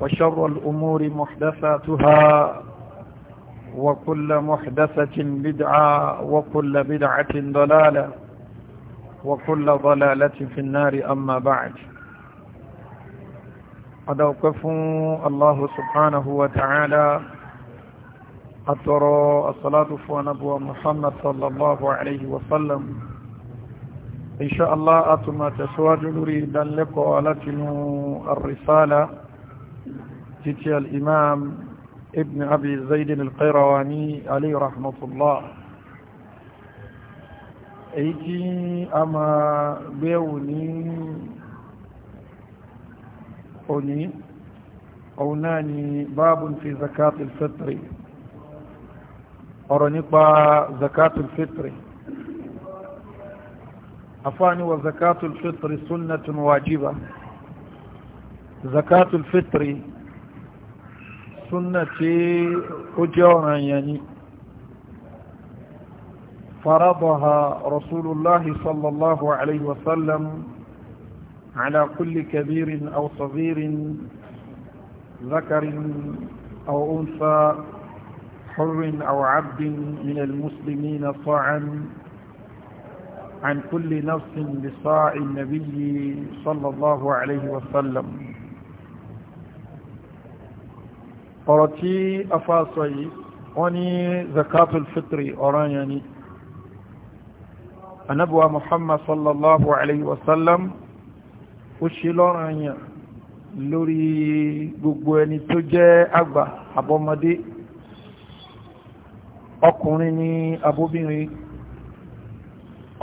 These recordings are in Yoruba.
وشر الأمور محدثاتها وكل محدثة بدعة وكل بدعة ضلالة وكل ضلالة في النار أما بعد أدوكف الله سبحانه وتعالى أترى الصلاة فنبوة محمد صلى الله عليه وسلم إن شاء الله سواجل ريدا لريدا لكم الرسالة تتي الإمام ابن أبي زيد القيرواني عليه رحمة الله ايتي أما بيوني أوني أوناني باب في زكاة الفطر با زكاة الفطر أفاني وزكاة الفطر سنة واجبة زكاة الفطر súnnà tí ó jẹ́ ọ̀ràn yẹn ni farabaha rasulullahi sallallahu alaihi wasallam ala kulli kabirin aw saghirin zakarin aw unsa حر أو عبد من المسلمين طاعا عن كل نفس بصاع النبي صلى الله عليه وسلم ọ̀rọ̀ tí a fa sọ yìí wọ́n ní zakatul fitri ọ̀rọ̀ yẹn ni anabuwa muhammad sallallahu alayhi wa sallam ó ṣe lọ́rọ̀ yẹn lórí gbogbo ẹni tó jẹ́ àgbà àbọ́mọdé ọkùnrin ni abóbìnrin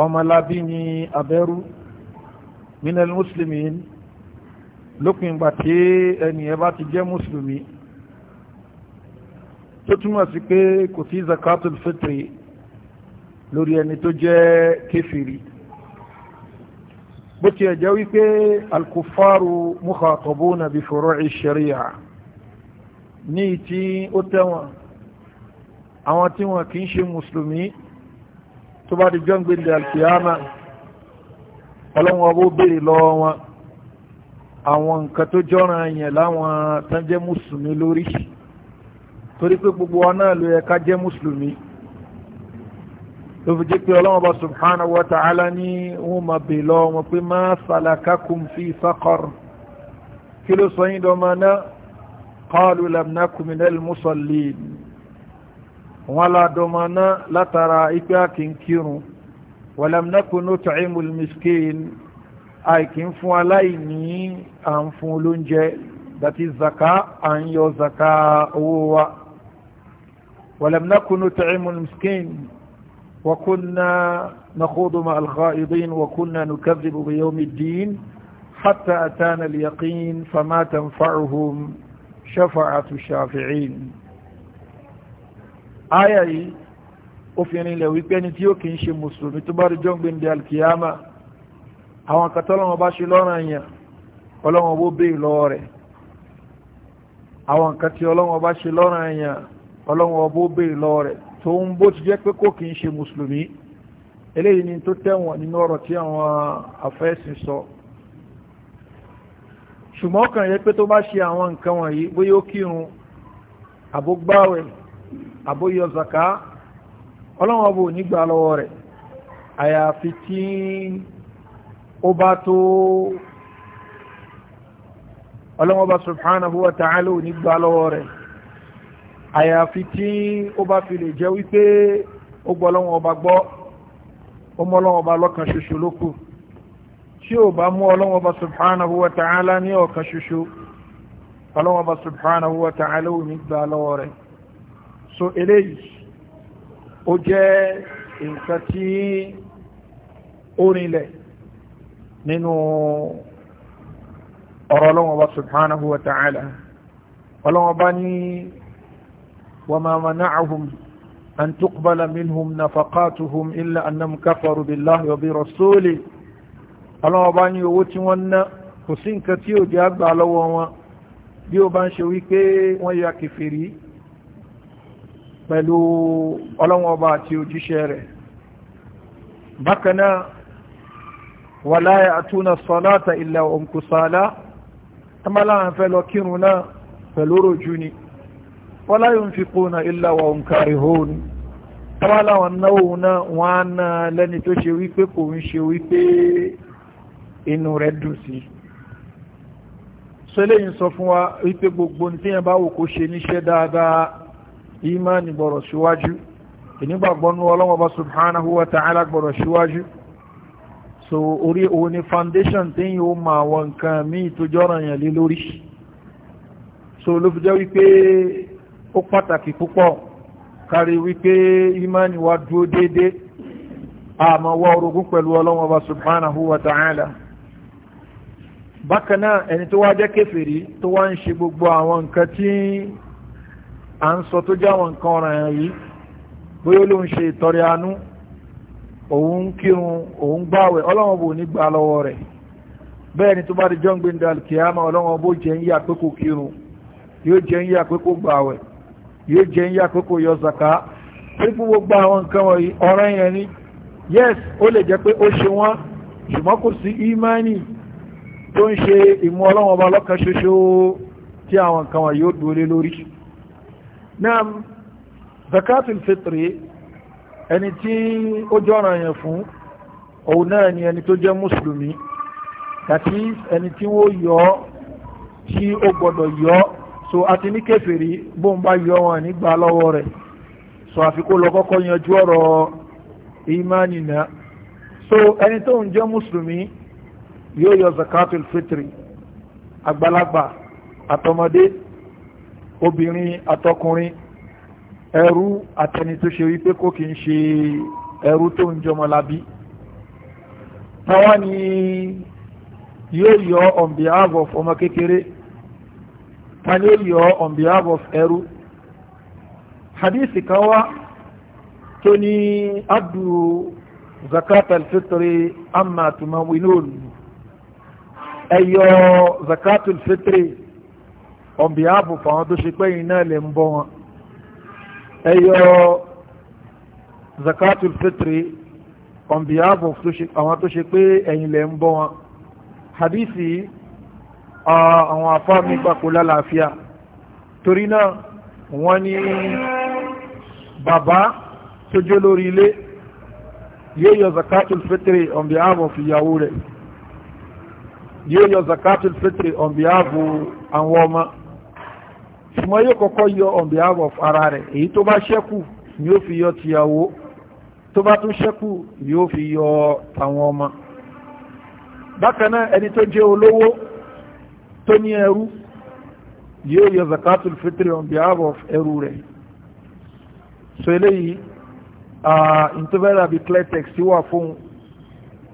ọmọlábí ni abẹ́rú minal muslimin lópin ìgbà tí ẹni ẹ bá ti jẹ́ mùsùlùmí tó túmọ̀ sí pé kò sí zakatul fitri lórí ẹni tó jẹ́ kéfìrí bó tiẹ̀ jẹ́ wípé alkufaru mukhatabuna bi furu'i sharia ní tí ó tẹ́wọ̀n àwọn tí wọn kì í ṣe mùsùlùmí tó bá di jọ́ǹgbé ilẹ̀ alkiyama ọlọ́wọ́n bó béèrè lọ́wọ́ wọn àwọn nǹkan tó jọ́ràn yẹn láwọn tán jẹ́ mùsùlùmí lórí torí pé gbogbo wa náà ló yẹ ká jẹ́ mùsùlùmí tó fi jẹ́ pé ọlọ́wọ́n bá subhanahu wa ta'ala ní wọ́n máa bè lọ wọn pé ma salakakum fi saqar kí ló sọ yín dọ́mọ náà qalu lam naku minal wọn la dọ́mọ náà látara ipe akínkírun wa lam naku nut'imul miskin àìkí ń fún aláìní à ń fún olóúnjẹ that is zaka à ń yọ zaka owó wa. ولم نكن نطعم المسكين وكنا نخوض مع الخائضين وكنا نكذب بيوم الدين حتى أتانا اليقين فما تنفعهم شفعة الشافعين آية yìí ó fi ẹni ilẹ̀ wípé ẹni tí ó kìí ṣe mùsùlùmí tó bá rí jọ́gbìn di alkiyama àwọn katọ́lọ́wọ́ bá ṣe lọ́rọ̀ yẹn ọlọ́wọ́ bó bèè lọ́wọ́ rẹ̀ àwọn katí ọlọ́wọ́ bá ṣe lọ́rọ̀ yẹn ọlọ́run ọbó bèèrè lọ rẹ̀ tó ń bó ti jẹ́ pé kò kí ṣe mùsùlùmí eléyìí ni tó tẹ̀wọ̀n nínú ọ̀rọ̀ tí àwọn afẹ́sìn sọ ṣùgbọ́n kàn yẹ pé tó bá ṣe àwọn nǹkan wọ̀nyí bóyá ó kírun àbógbáwẹ̀ àbóyọ zaka ọlọ́run ọbó nígbà lọ́wọ́ rẹ̀ àyàfi tí ó bá tó ọlọ́run ọba subhanahu wa ta'ala nígbà lọ́wọ́ rẹ̀ àyàfi tí ó bá fi lè jẹ́ wípé ó gbọ́ Ọlọ́run ọba gbọ́ ó mú Ọlọ́run ọba lọ́kan ṣoṣo lókù tí ó bá mú Ọlọ́run ọba subhanahu wa ta'ala ní ọ̀kan ṣoṣo Ọlọ́run ọba subhanahu wa ta'ala ò ní gbà lọ́wọ́ rẹ̀ so eléyìí ó jẹ́ nǹkan tí ó rinlẹ̀ nínú ọ̀rọ̀ Ọlọ́run ọba subhanahu wa ta'ala Ọlọ́run ọba ní وما منعهم أن تقبل منهم نفقاتهم إلا أنهم كفروا بالله وبرسوله الله باني يوتي ونا حسين كتيو جاب على وما بيو بان شويكي ويا كفري pẹ̀lú ọlọ́wọ́ bá ti òjíṣẹ́ rẹ̀ bákanáà wà láyé àtúnà sọ́látà ilẹ̀ òǹkùsàlá tamala ń fẹ́ wala yunfiquna illa wa hum karihun tọ́wọ́ láwọn náwó náà wọ́n á ná lẹ́ni tó ṣe wípé kò ń ṣe wípé inú rẹ̀ dùn sí sọlẹ́yìn sọ fún wa wípé gbogbo tí bá wò kó ṣe níṣẹ́ dáadáa ìmánì gbọ́rọ̀ síwájú ìnígbàgbọ́nú ọlọ́mọba subhanahu wa ta'ala gbọ́rọ̀ síwájú so orí òun ni foundation tí yíò ma àwọn nǹkan míì tó yẹn lé lórí so ló fi jẹ́ wípé ó pàtàkì púpọ̀ kárí wípé ìmáni wa dúó dédé àmọ́ wá orogún pẹ̀lú ọlọ́run ọba subhanahu wa ta'ala bákan náà ẹni tó wá jẹ́ kèfèrí tó wá ń ṣe gbogbo àwọn nǹkan tí à ń sọ tó jẹ́ àwọn nǹkan ọ̀ràn yìí bóyá ló ń ṣe ìtọrẹ àánú òun kírun òun gbààwẹ̀ ọlọ́run bò ní gbà lọ́wọ́ rẹ̀ bẹ́ẹ̀ ni tó bá di jọ́ngbìn dàl kìámà ọlọ́run bó jẹ́ ń yà pé kò kírun yóò jẹ́ ń yà pé kò gbààwẹ̀ yóò jẹ ń yá kókó yọ zaka pípú gbogbo àwọn nǹkan wọ̀nyí ọ̀ràn yẹn ni yes ó lè jẹ́ pé ó ṣe wọ́n ṣùgbọ́n kò sí imani tó ń ṣe ìmú ọlọ́wọ́n ọba lọ́kan ṣoṣo tí àwọn nǹkan wọ̀nyí ó dúró lé lórí náà zakatul fitri ẹni tí ó jọ́ràn yẹn fún òun náà ni ẹni tó jẹ́ mùsùlùmí that ẹni tí wọ́n yọ tí ó gbọ́dọ̀ yọ so àti ní kèfèrí bó ń bá yọ wọn nígbà lọ́wọ́ rẹ̀ so àfikún lọ kọ́kọ́ yanjú ọ̀rọ̀ ìmánì so ẹni tó ń jẹ́ mùsùlùmí yóò yọ zakatul fitri àgbàlagbà àtọmọdé obìnrin àtọkùnrin ẹrú àtẹni tó ṣe wípé kò kí ń ṣe ẹrú tó ń jọmọlábí táwa ni yóò yọ on behalf of ọmọ kékeré wọ́n on behalf of Eru, hadisi kan wá tó ní abdu zakat alfitri amma tumawinun ẹyọ zakat alfitri on behalf of àwọn tó ṣe pẹ́yìn náà lè ń bọ́ wọn ẹyọ zakat alfitri on behalf of àwọn tó ṣe pé ẹ̀yìn lè ń bọ́ wọn hadisi àwọn àfá mi papò lálàáfíà torí náà wọ́n ní bàbá tó jẹ́ lórí ilé yóò yọ zakatul fitri on behalf of ìyàwó rẹ̀ yóò yọ zakatul fitri on behalf of àwọn ọmọ ṣùgbọ́n yóò kọ́kọ́ yọ on behalf of ara rẹ̀ èyí tó bá ṣẹ́kù ni ó fi yọ tìyàwó tó bá tún ṣẹ́kù ni fi yọ tàwọn ọmọ bákan ẹni tó jẹ́ olówó تنی ارو یہ یا زکات الفطر اون دی اب اف ارو رے سلی ا انتبر ابی کلی ٹیکس یو افون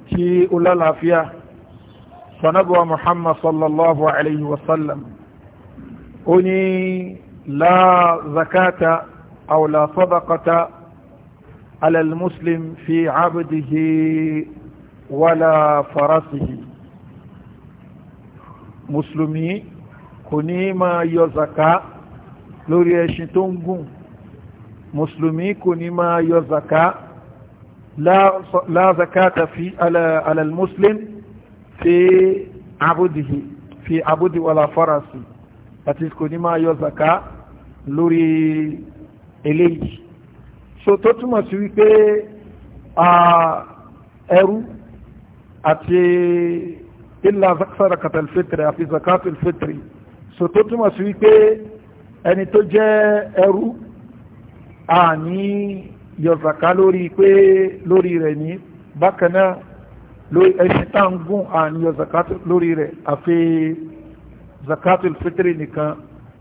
کی اولا محمد صلی اللہ علیہ وسلم اونی لا زکات او لا صدقه على المسلم في عبده ولا فرسه mùsùlùmí kò ní máa yọ zaka lórí ẹṣin tó ń gùn mùsùlùmí kò ní máa yọ zaka la zakata fi alalmuslim fi abudihi fi abudi wala farasi àti kò ní máa yọ zaka lórí eléyìí so tó túmọ̀ sí wípé ah, ẹrú àti illa sadaqat al-fitri àfi zakat al-fitri so tó túmọ̀ sí wípé ẹni tó jẹ́ ẹrú àní yọ zaka lórí pé lórí rẹ̀ ní bákan náà lórí ẹṣin tá ń gún àní yọ zakat lórí rẹ̀ àfi zakat al-fitri nìkan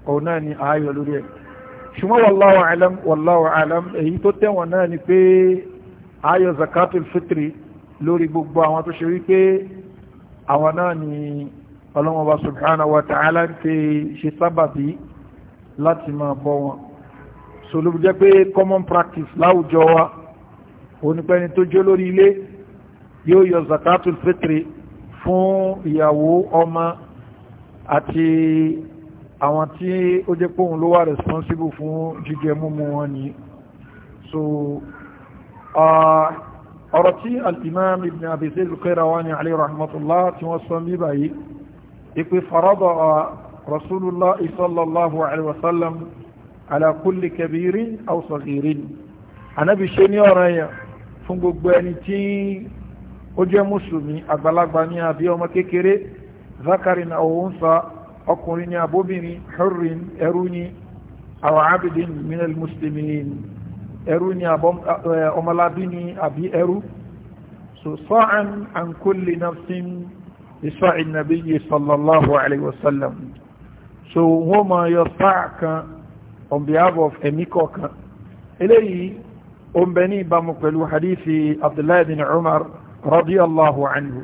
òun náà ni ààyò lórí ẹ̀ ṣùgbọ́n wallahu alam wallahu alam èyí tó tẹ̀wọ̀n náà ni pé ààyò zakat al-fitri gbogbo àwọn tó ṣe wípé àwọn náà ni ọlọ́mọba subhanahu wa ta'ala ti ṣe sábàbí láti máa bọ́ wọn so ló jẹ́ pé common practice láwùjọ wa onípẹ́ni tó jó lórí ilé yóò yọ zakatul fitri fún ìyàwó ọmọ àti àwọn tí ó jẹ́ pòun ló wà responsible fún jíjẹ múmu wọn ni so uh, ọ̀rọ̀ tí al-imam ibn abi zayd al-qayrawani alayhi rahmatullah tí wọ́n sọ mí báyìí ipe farada rasulullah sallallahu alaihi wasallam ala kulli kabirin aw saghirin anabi ṣe ní ọ̀rọ̀ yẹn fún gbogbo ẹni tí ó jẹ́ mùsùlùmí àgbàlagbà ní àbí ọmọ kékeré zakarin aw unsa ọkùnrin ní abóbìnrin hurrin ẹrú ní aw abidin minal muslimin ẹrú ni ọmọlábí ni àbí ẹrú so sa'an an kulli nafsin isa'i nabiyyi sallallahu alayhi wa sallam so wọ́n máa yọ sáà kan on behalf of ẹ̀mí kọ̀ọ̀kan eléyìí ó ń bẹ ní ìbámu pẹ̀lú hadithi abdullahi bin umar radiyallahu anhu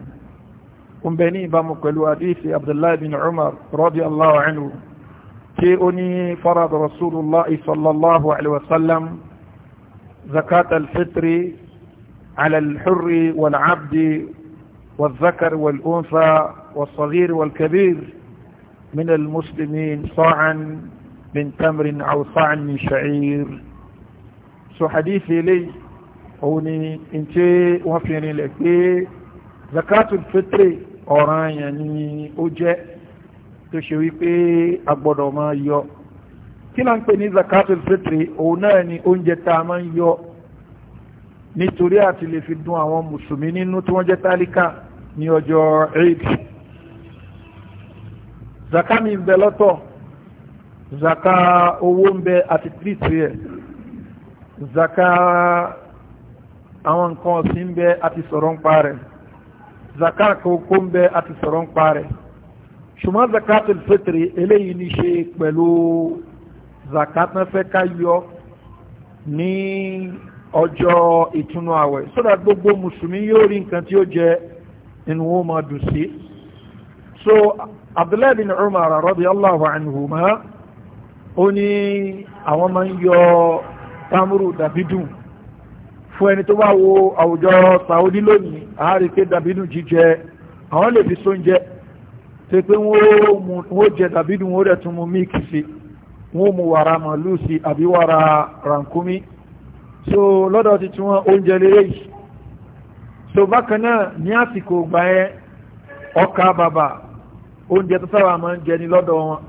ó ń bẹ ní ìbámu pẹ̀lú hadithi abdullahi bin umar radiyallahu anhu tí ó ní farad rasulullah sallallahu alaihi wasallam زكاة الفطر على الحر والعبد والذكر والأنثى والصغير والكبير من المسلمين صاعا من تمر أو صاعا من شعير سو حديثي لي هوني انتي وفيني لك زكاة الفطر ọ̀ràn yẹn ni ó jẹ́ tó ṣe kila là ń pè ní zakatul fitri òun náà ni oúnjẹ tá a máa ń yọ nítorí àti lè fi dùn àwọn mùsùlùmí nínú tí wọ́n jẹ́ tálíkà ní ọjọ́ eid zaka mi ń bẹ lọ́tọ̀ zaka owó ń bẹ àti tírìtì ẹ̀ zaka àwọn nǹkan ọ̀sìn ń bẹ àti sọ̀rọ̀ ń pa rẹ̀ zaka kókó ń bẹ àti sọ̀rọ̀ ń pa rẹ̀ ṣùgbọ́n zakatul fitri eléyìí ní ṣe pẹ̀lú zakat náà fẹ́ ká yọ ní ọjọ́ ìtúnú àwẹ̀ sódà gbogbo mùsùlùmí yóò rí nǹkan tí ó jẹ inú wọn máa dùn sí so abdullahi bin umar radiyallahu anhuma ó ní àwọn máa ń yọ tamuru dàbídùn fún ẹni tó bá wo àwùjọ Saudi lónìí àárí pé dàbídùn jíjẹ àwọn lè fi sóúnjẹ tó pé wọ́n jẹ dàbídùn wọ́n rẹ̀ tún mú míìkì sí wọ́n mú wàrà màálù sí àbí wàrà rànkúmí so lọ́dọ̀ ti tí wọ́n oúnjẹ lérè yìí so bákan náà ní àsìkò gbà yẹn ọkà bàbà oúnjẹ tó sábà máa ń jẹ ní lọ́dọ̀ wọn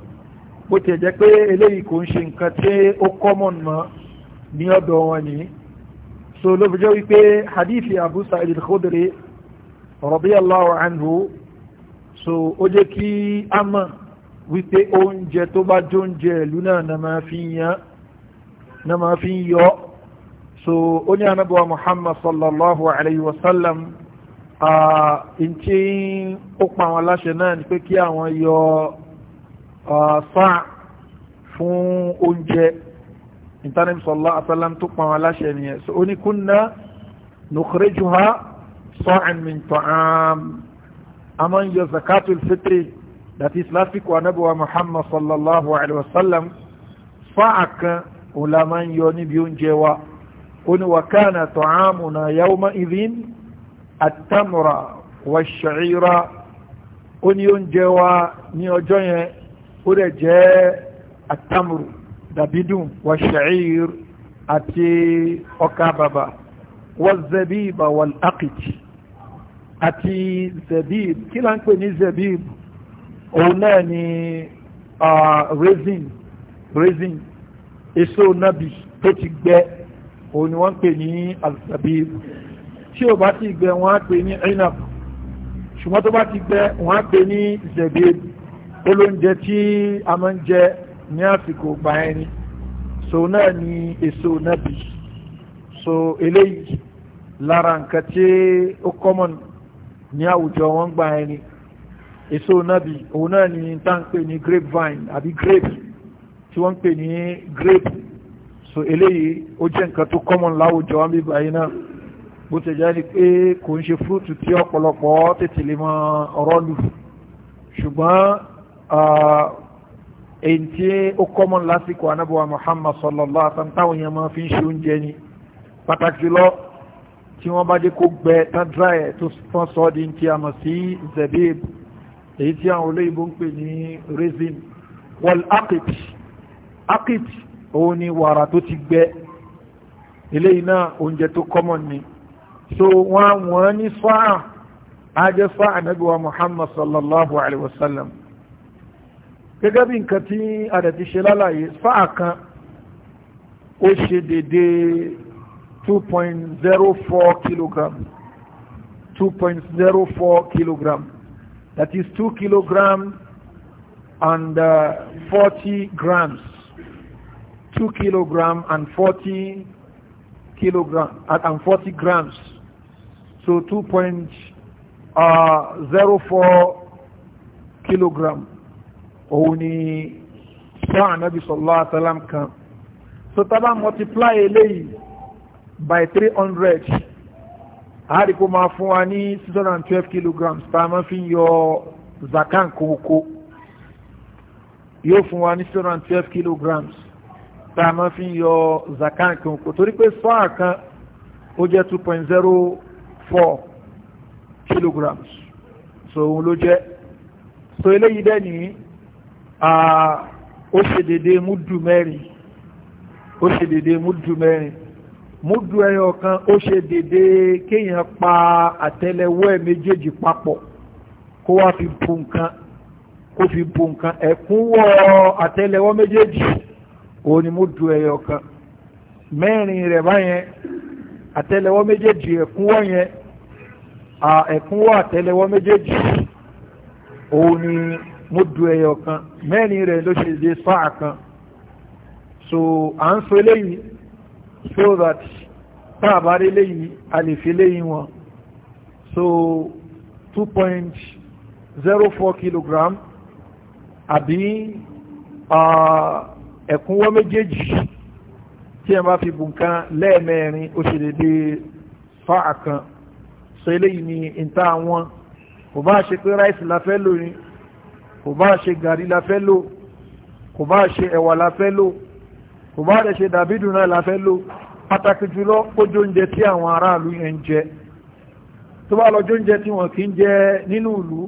bó tiẹ̀ jẹ́ pé eléyìí kò ń ṣe nǹkan tí ó common mọ́ ní ọ̀dọ̀ wọn nìyí so ló fi jẹ́ wípé hadithi abu sa'id al-khudri radiyallahu anhu so ó jẹ́ kí a mọ̀ wípé oúnjẹ tó bá jóúnjẹ ìlú náà na máa fi ń yọ so ó ní anábọ̀wá muhammad sallallahu alayhi wa sallam ǹtí ó pa àwọn aláṣẹ náà ni pé kí àwọn yọ sáà fún oúnjẹ ìtànàbí sallallahu alayhi tó pa àwọn aláṣẹ nìyẹn so ó ní kúnná nukhrijuha sa'an min ta'am a máa ń yọ zakatul fitri that is lásìkò anábọ̀wá muhammad sallallahu alayhi wa sallam fáà kan òun la máa ń yọ níbi oúnjẹ wa ó ní wa kana ta'amuna yawma idhin at-tamra wash-sha'ira ó ní oúnjẹ wa ní ọjọ́ yẹn at-tamru dàbídùn wash-sha'ir àti ọkà bàbà waz-zabiba zabib kí là ń pè òun náà ni raisin raisin èso nabi tó ti gbẹ òun ni wọ́n pè ní alzabib tí ò bá ti gbẹ wọ́n á pè ní inab ṣùgbọ́n tó bá ti gbẹ wọ́n á pè ní zabib olóúnjẹ tí a máa ń jẹ ní àsìkò gbà ẹni so náà ni èso nabi so eléyìí lára nǹkan tí ó kọ́mọ̀n ní àwùjọ wọn gbà ẹni èso nábì òun náà ni tá ń pè ní grapevine àbí grape tí wọ́n ń pè ní grape so eléyìí ó jẹ́ nǹkan tó common láwùjọ wọn bí báyìí náà bó ti jẹ́ ni pé kò ń ṣe fúrúùtù tí ọ̀pọ̀lọpọ̀ tètè lè mọ ọ̀rọ̀ lù ṣùgbọ́n èyí tí ó common lásìkò anábọ̀wá Muhammad sallallahu alaihi wasallam táwọn èèyàn máa fi ń ṣe oúnjẹ ni pàtàkì jùlọ tí wọ́n bá dé kó gbẹ tán tó tán sọ́ di ti àmọ̀ sí zebib èyí tí àwọn olóyìnbó ń pè ní resin wal akit akit òun ni wàrà tó ti gbẹ eléyìí náà oúnjẹ tó common ni so wọ́n wọ́n ní fáà ajẹ́ fáà nàbíwá muhammad sallallahu alaihi wasallam gẹ́gẹ́ bí nǹkan tí adẹ̀ ti ṣe lálàyé fáà kan ó ṣe dédé 2.04 kg 2.04 kg that is 2 kilograms and uh, 40 grams 2 kilogram and 40 kilogram uh, and 40 grams so 2.04 uh, kilogram Ouni ni sọ́rọ̀ sallallahu alaihi wasallam kan so tá multiply eléyìí by 300 àárí kó máa fún wa ní six hundred and kilograms tá a máa fi yọ zakan kan yóò fún wa ní six hundred and kilograms tá a máa fi yọ zakan kan oko torí pé sọ́ọ̀ kan ó jẹ́ two point kilograms so òun ló jẹ́ so eléyìí dẹ́ ní ó ṣe dédé múdù mẹ́rin ó ṣe dédé múdù mẹ́rin múdù ẹyọ kan ó ṣe dédé kéèyàn pa àtẹ́lẹwọ́ ẹ̀ méjèèjì papọ̀ kó wá fi bu nǹkan kó fi bu nǹkan ẹ̀kúnwọ́ àtẹ́lẹwọ́ méjèèjì òun ni múdù ẹyọ kan mẹ́rin rẹ̀ báyẹn àtẹ́lẹwọ́ méjèèjì ẹ̀kúnwọ́ yẹn ẹ̀kúnwọ́ àtẹ́lẹwọ́ méjèèjì òun ni múdù ẹyọ kan mẹ́rin rẹ̀ ló ṣe dé sáà kan so à ń sọ eléyìí so that táàbá rí léyìí a lè wọn so 2.04 kg àbí ẹ̀kúnwọ́ méjèèjì tí ẹ bá fi bù nǹkan lẹ́ẹ̀mẹ́rin ó ṣe dédé fáà kan so eléyìí ni ìta àwọn kò bá ṣe pé ráìsì la fẹ́ lò ní kò bá ṣe gàrí la lò kò bá ṣe ẹ̀wà la lò kò bá rẹ̀ ṣe dàbídù náà la fẹ́ lò pàtàkì jùlọ kójú oúnjẹ tí àwọn aráàlú yẹn ń jẹ tó bá lọ jóúnjẹ tí wọn kì í jẹ nínú ìlú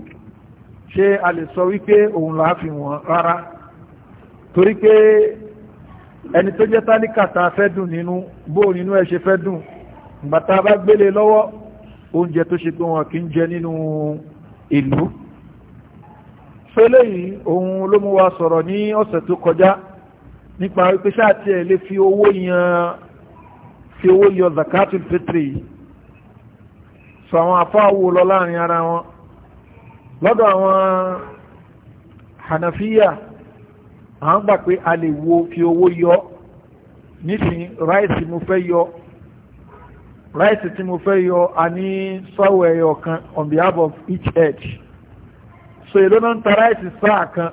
ṣé a lè sọ wípé òun là á fi wọn rárá torí pé ẹni tó jẹ́ tálíkà fẹ́ dùn nínú bó nínú ẹ̀ ṣe fẹ́ dùn ìgbà bá gbélé lọ́wọ́ oúnjẹ tó ṣe pé wọn kì í jẹ nínú ìlú fẹ́lẹ́ yìí òun ló mú wa sọ̀rọ̀ ní ọ̀sẹ̀ tó kọjá nípa wípé sáàtì ẹ̀ lè fi owó yan fi owó yọ zakatul fitri sọ àwọn afáwò lọ láàrin ara wọn lọ́dọ̀ àwọn hanafiya à ń gbà pé a lè wo fi owó yọ nísìnyí ráìsì mo fẹ́ yọ ráìsì tí mo fẹ́ yọ a ní sọ́wọ́ ẹyọ kan on behalf of each edge so èlò náà ń ta ráìsì sáà kan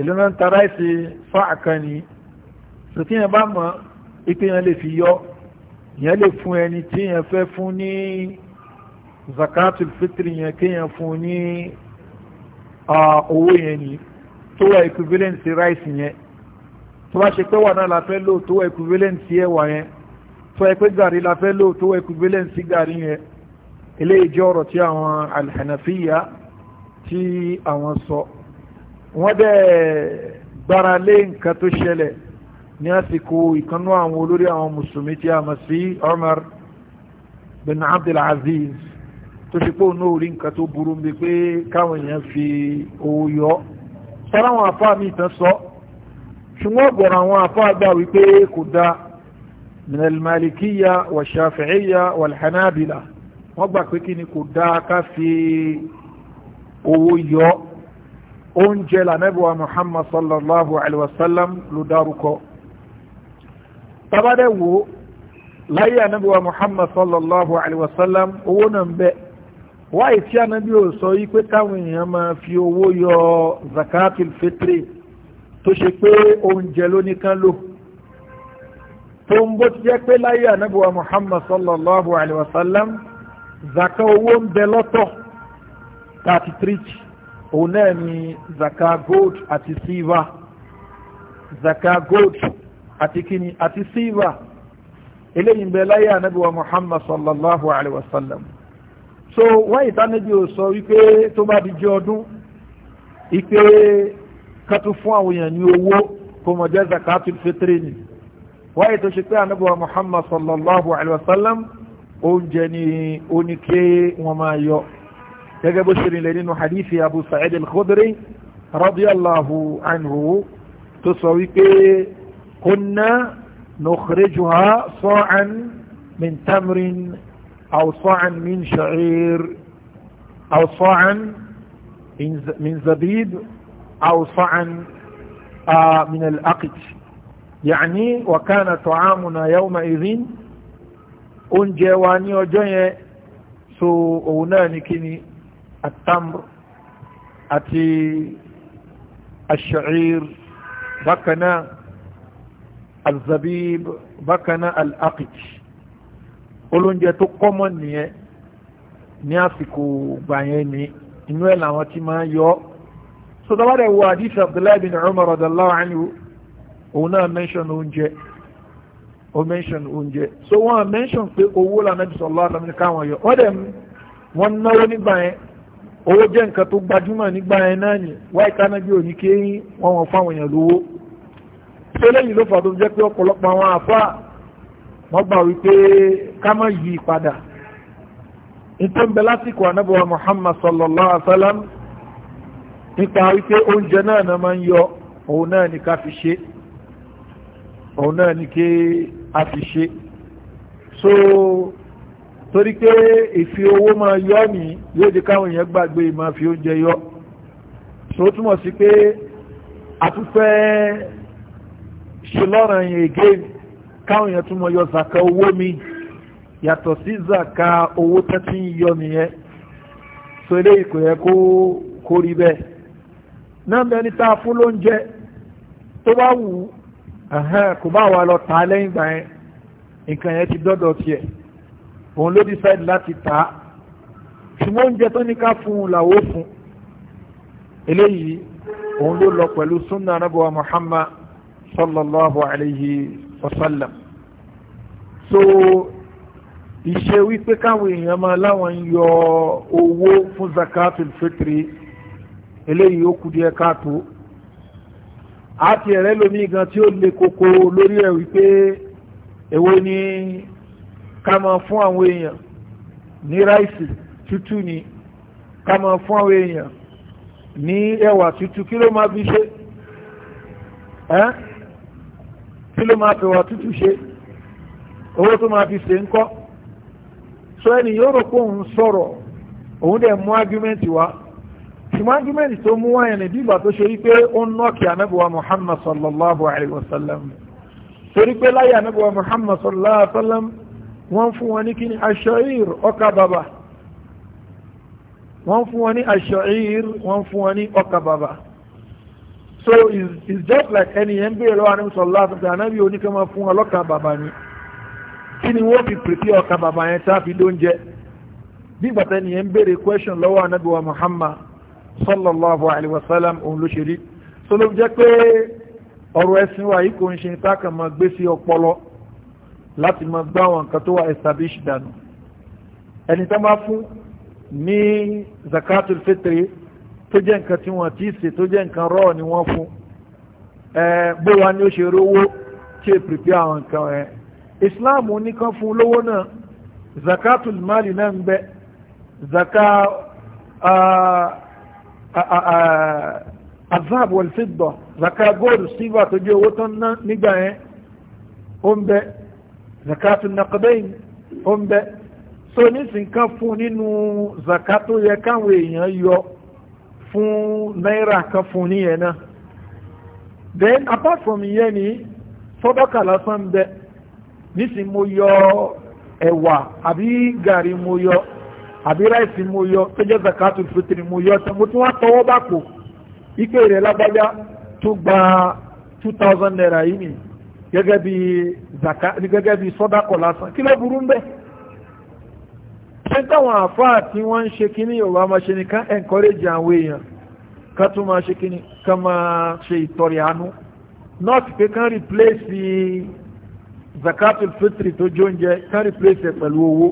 ìlú náà ń ta ráìsì fáà kan ni sòtí yẹn bá mọ̀ ipe yẹn lè fi yọ yẹn lè fún ẹni tí yẹn fẹ́ fún ní zakatul fitri yẹn kéèyàn fún ní owó yẹn ni tó wà equivalent ráìsì yẹn tó bá ṣe pé wà náà la fẹ́ lò tó wà equivalent ẹ̀wà yẹn tó wà pé gàrí la fẹ́ lò tó wà equivalent gàrí yẹn eléyìí jẹ́ ọ̀rọ̀ tí àwọn alhànàfíyà tí àwọn sọ. So wọ́n dẹ̀ gbára lé nǹkan tó ṣẹlẹ̀ ní àsìkò ìkanú àwọn olórí àwọn mùsùlùmí tí a mọ̀ sí Umar bin Abdul Aziz tó ṣe pé òun náà rí nǹkan tó burú bí pé káwọn èèyàn fi owó sára àwọn àfáà mi ìtàn sọ ṣùgbọ́n ọ̀gọ̀rọ̀ àwọn àfáà gbà wípé kò dáa من المالكية والشافعية والحنابلة wọ́n gbà pé kí ni kò dáa ká fi owó yọ oúnjẹ lànẹ́bùwà muhammad sallallahu alaihi wasallam ló dárúkọ tabadẹ́wò láyé ànẹ́bùwà muhammad sallallahu alaihi wasallam owó náà ń bẹ wáyé tí ànẹ́bí ò sọ yí pé káwọn èèyàn máa fi owó yọ zakatul fitri tó ṣe pé oúnjẹ lóníkan lò tó ń bó ti jẹ́ pé láyé ànẹ́bùwà muhammad sallallahu alaihi wasallam zaka owó ń bẹ lọ́tọ̀ 33 òun náà ni zaka gold àti silver zaka gold àti kini àti silver eléyìí ń bẹ láyé ànábìwá muhammad sallallahu alaihi wasallam. so wọ́n ìtànẹ́bí ò sọ wípé tó bá di jẹ́ ọdún ìpé kàtún fún àwọn èèyàn ní owó kó mọ̀ jẹ́ zakatul fitri ni wọ́n ètò ṣe pé ànábìwá muhammad sallallahu alaihi wasallam, sallam oúnjẹ ni ó ní máa yọ يجب أشري لأنه حديث أبو سعيد الخضري رضي الله عنه تصويك كنا نخرجها صاعا من تمر أو صاعا من شعير أو صاعا من زبيب أو صاعا آه، من الأقج يعني وكان طعامنا يومئذ أنجي واني وجي سو هناني كني atamr àti ashair bákanáà alzabib bákanáà alaqit olóúnjẹ tó kọ́mọ̀ nìyẹn ní àsìkò gbàyẹn ni inú ẹ̀ làwọn ti máa yọ ọ́ so da wadda wa hadith abdullahi bin umar radallahu anhu ona mention oúnjẹ o mention oúnjẹ so wọ́n mention pé owó la nabi sallallahu alaihi wasallam kan wọ́n yọ wọ́n dẹ̀ wọ́n náwó nígbà yẹn owó jẹ́ nǹkan tó gbajúmọ̀ nígbà ẹ̀ náà ni wáyé kánábí ò ní kí wọ́n wọ́n fáwọn èèyàn lówó tó lẹ́yìn ló fà tó jẹ́ pé ọ̀pọ̀lọpọ̀ àwọn àfá wọ́n gbà wípé ká má yí padà nítorí ń bẹ lásìkò anábọ̀wá Muhammad sallallahu alaihi wa sallam nípa wípé oúnjẹ náà náà máa ń yọ òun náà ni ká fi ṣe òun náà ni kí a fi ṣe so torí pé ìfi owó máa yọ́ ní yóò di káwọn èèyàn gbàgbé máa fi oúnjẹ yọ so ó sí pé àtúfẹ́ ṣe lọ́rọ̀ yẹn ègé káwọn èèyàn túmọ̀ yọ zaka owó mi yàtọ̀ sí zaka owó tẹ́tí yọ nìyẹn so eléyìí kò yẹ kó rí bẹ́ẹ̀ náà bẹni tá a fún lóúnjẹ tó bá wù kò bá wà lọ tà lẹ́yìn gbà yẹn nǹkan yẹn ti dọ́dọ̀ tiẹ̀ òun ló decide láti tà á ṣùgbọ́n oúnjẹ tó ní ká fún un làwọ́ fún eléyìí òun ló lọ pẹ̀lú sunna anabuwa muhammad sallallahu alayhi wa sallam so ìṣe wípé káwọn èèyàn máa láwọn ń yọ owó fún zakatul fitri eléyìí ó kù díẹ̀ káàtó àti ẹ̀rẹ́ lómi gan tí ó le koko lórí ẹ̀ wípé èwo ni ká fún àwọn èèyàn ní ráìsì tútù ni ká fún àwọn èèyàn ní ẹwà tútù kí ló máa fi ṣe ẹ́ kí ló máa fi wà tútù ṣe owó tó máa fi ṣe ń kọ́ sọ ẹni yóò rò pé òun sọ̀rọ̀ òun dẹ̀ mú ágúmẹ́ǹtì wá ṣùgbọ́n ágúmẹ́ǹtì tó mú wáyẹn ní bíbà tó ṣe wípé ó ń nọ́ọ̀kì anábùwà Muhammad sallallahu alayhi wa sallam torí pé láyé anábùwà Muhammad wọ́n fún wọn ní kí ni aṣọ́ìr ọkà bàbà wọ́n fún wọn ní aṣọ́ìr wọ́n fún wọn ní ọkà bàbà so it's just like ẹni yẹn ń béèrè lọ́wọ́ àníbi sọ̀lá àfẹ́sẹ̀ ànábì oníkan máa fún wọn lọ́kà bàbà ni kí ni wọ́n fi pèpè ọkà bàbà yẹn tá a fi lóúnjẹ bí bàtà ẹni ń béèrè question lọ́wọ́ ànábì wa Muhammad sallallahu alayhi wa sallam òun ló ṣe rí so ló jẹ́ pé ọ̀rọ̀ ẹ̀sìn wa yìí kò ń ṣe tá kàn máa gbé sí ọpọlọ láti mọ gbá àwọn nǹkan tó wà establish dànù ẹni tó bá fún ní zakatul fitri tó jẹ́ nǹkan tí wọ́n ti ṣe tó jẹ́ nǹkan rọ́ọ̀ ni wọ́n fún bóyá ni ó ṣe rówó tí è pèpè àwọn nǹkan ẹ̀ islam oníkan fún lówó náà zakatul mali náà ń bẹ zaka azab wal fidda zaka gold silver tó jẹ́ owó tán nígbà yẹn ó ń bẹ zakatu naqdain ó ń ni so nísìnkan fún nínú zakatu yẹ káwọn èèyàn yọ fún náírà kan fún níyẹn náà then apart from ìyẹn ni sọ́dọ́kà lásán ń bẹ nísìn mo yọ ẹ̀wà àbí gàrí mo yọ àbí ráìsì mo yọ tó jẹ́ zakatu fitiri mo yọ tán mo tún wá tọwọ́ bá kò ike rẹ̀ lágbájá tó gba two thousand naira yìí nìyí gẹ́gẹ́ bí zaka gẹ́gẹ́ bí sọ́dákọ̀ lásán kí ló burú ń bẹ́ ṣé táwọn àfáà tí wọ́n ń ṣe kíní yorùbá máa ṣe ní ká encourage àwọn èèyàn ká tún máa ṣe kíní ká máa ṣe ìtọrẹ àánú nọ́ọ̀tì pé kán replace zakatul fitri tó jóúnjẹ kán replace ẹ̀ pẹ̀lú owó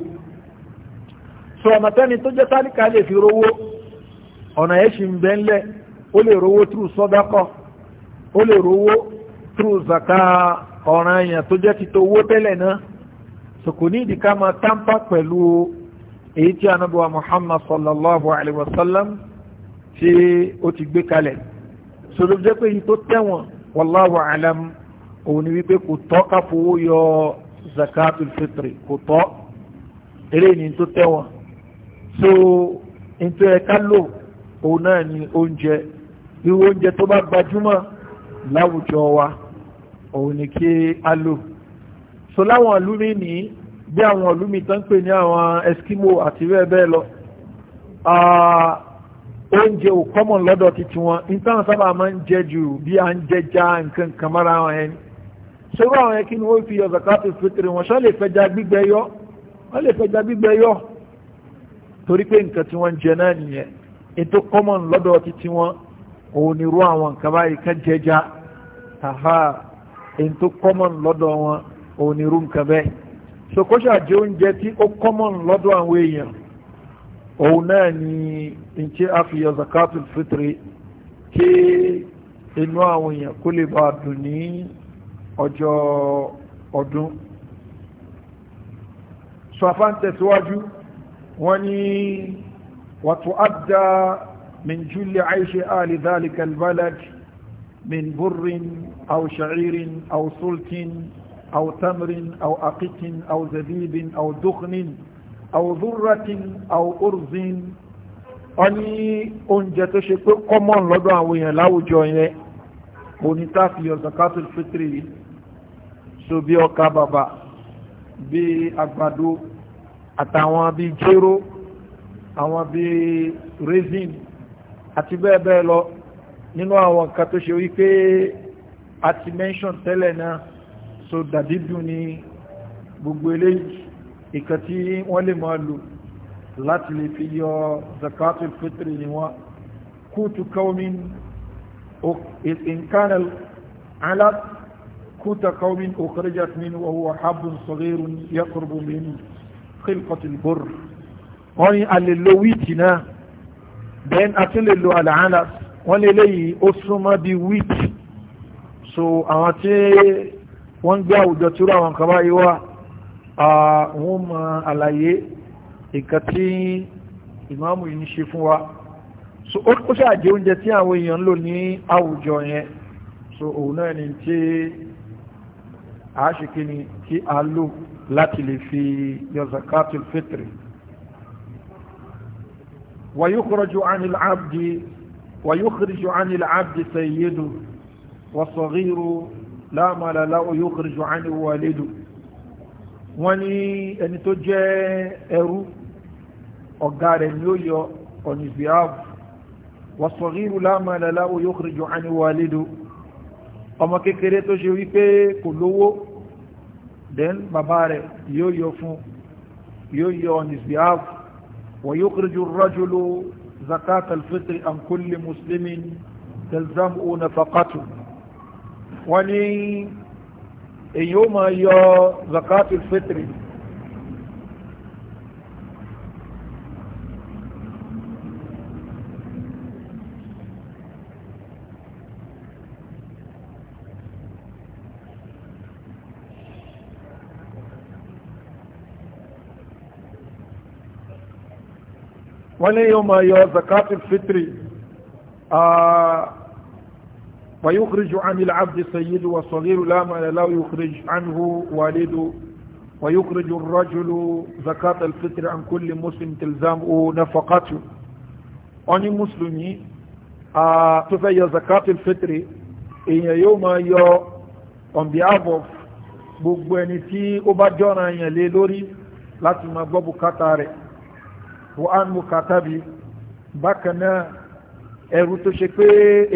sọ ọ̀nà tẹ́ni tó jẹ́ tálíkà lè fi rówó ọ̀nà ẹ̀ ṣì ń bẹ́ ńlẹ̀ ó lè rówó through sọ́dákọ̀ ó lè rówó through zaka ọ̀ràn àyàn tó jẹ́ ti towó tẹ́lẹ̀ náà so kò ní ìdíká máa támpà pẹ̀lú èyí tí anábọ̀wá Muhammad sallallahu alayhi wa sallam tí ó ti gbé kalẹ̀ so jẹ́ pé èyí tó tẹ̀wọ̀n wallahu alam òun ni wípé kò tọ́ ká fowó yọ zakatul fitri kò tọ́ eléyìí ni tó tẹ̀wọ̀n so nítorí ẹ̀ka lò òun náà ni oúnjẹ irú oúnjẹ tó bá gbajúmọ̀ láwùjọ wa òun ni kí á lò so láwọn ìlú mi ní bí àwọn ìlú tán pè ní àwọn Eskimo àti bẹ́ẹ̀ bẹ́ẹ̀ lọ oúnjẹ ò kọ́mọ̀ lọ́dọ̀ títí wọn nítawọn sábà máa ń jẹ jù bí à ń jẹ já nǹkan kan mọ́ra wọn yẹn ṣòro àwọn yẹn kí ni wọ́n fi yọ zakatu fitiri wọn ṣọ́ lè fẹja gbígbẹ yọ wọ́n lè fẹja gbígbẹ yọ torí pé nǹkan tí wọ́n ń jẹ náà nìyẹn ètò kọ́mọ̀ lọ́dọ̀ títí wọn òun ni irú àwọn nǹkan báyìí kan jẹja tàhá èyí tó common lọ́dọ̀ wọn òun ni irú nǹkan bẹ́ẹ̀ so kó ṣàjẹ́ oúnjẹ tí ó common lọ́dọ̀ àwọn èèyàn òun náà ni n ṣe àfihàn zakatul fitri kí inú àwọn èèyàn kó lè bá dùn ní ọjọ́ ọdún so afá ń tẹ̀síwájú wọ́n ní wàtò àdá min julli aishi ali albalad من بر أو شعير أو سلك أو تمر أو أقط أو زبيب أو دخن أو ذرة أو أرز أني أنجة تشكو قمان لدعا وين لا جوية ونتا في زكاة الفطر سبيو كبابا bí àgbàdo àtàwọn bí jéró àwọn bí raisin àti bẹ́ẹ̀ bẹ́ẹ̀ lọ nínú àwọn nǹkan tó ṣe wípé a ti mention tẹ́lẹ̀ náà so dàdídùn ni gbogbo eléyìí ìkan tí wọ́n lè máa lò láti lè fi yọ zakatul fitri ni wọ́n kútu kaumin ìkànnà alát كوت قوم أخرجت منه وهو حب صغير يقرب من خلقة البر wọ́n ni a lè lo wíìtì náà bẹ́ẹ̀ a tún lè lo àlàálà wọ́n ní eléyìí ó súnmọ́ bí wheat so àwọn tí wọ́n ń gbé àwùjọ tí ó rà wọn kan báyìí wá wọ́n mọ àlàyé ìkan tí ìmáàmù yìí ń ṣe fún wa so ó ṣàjẹ́ oúnjẹ tí àwọn èèyàn ń lò ní àwùjọ yẹn so òun náà ni tí a ṣe kí ni tí a lò láti lè fi yọ zakatul fitri wa yukhraju anil abdi ويخرج عن العبد سيده والصغير لا مال له يخرج عنه والده wọ́n ní ẹni tó jẹ́ ẹrú ọ̀gá rẹ̀ ni ó yọ on his behalf والصغير لا مال له يخرج عنه والده ọmọ kékeré tó ṣe wípé kò lówó then bàbá rẹ̀ yóò yọ fún yóò yọ on his behalf ويخرج الرجل زكاة الفطر عن كل مسلم تلزم نفقته ولي يوم يا زكاة الفطر wọ́n ní yóò máa yọ zakatul fitri ويخرج عن العبد سيد وصغير لا مال لا يخرج عنه والد ويخرج الرجل زكاة الفطر عن كل مسلم تلزامه نفقته أني مسلمي آه تفيا زكاة الفطر إن يوم يو on behalf of gbogbo ẹni tí ó bá jọ́ra yẹn lé lórí láti máa gbọ́ bùkátà rẹ̀ wọ́n mukatabi bákan náà ẹrú tó ṣe pé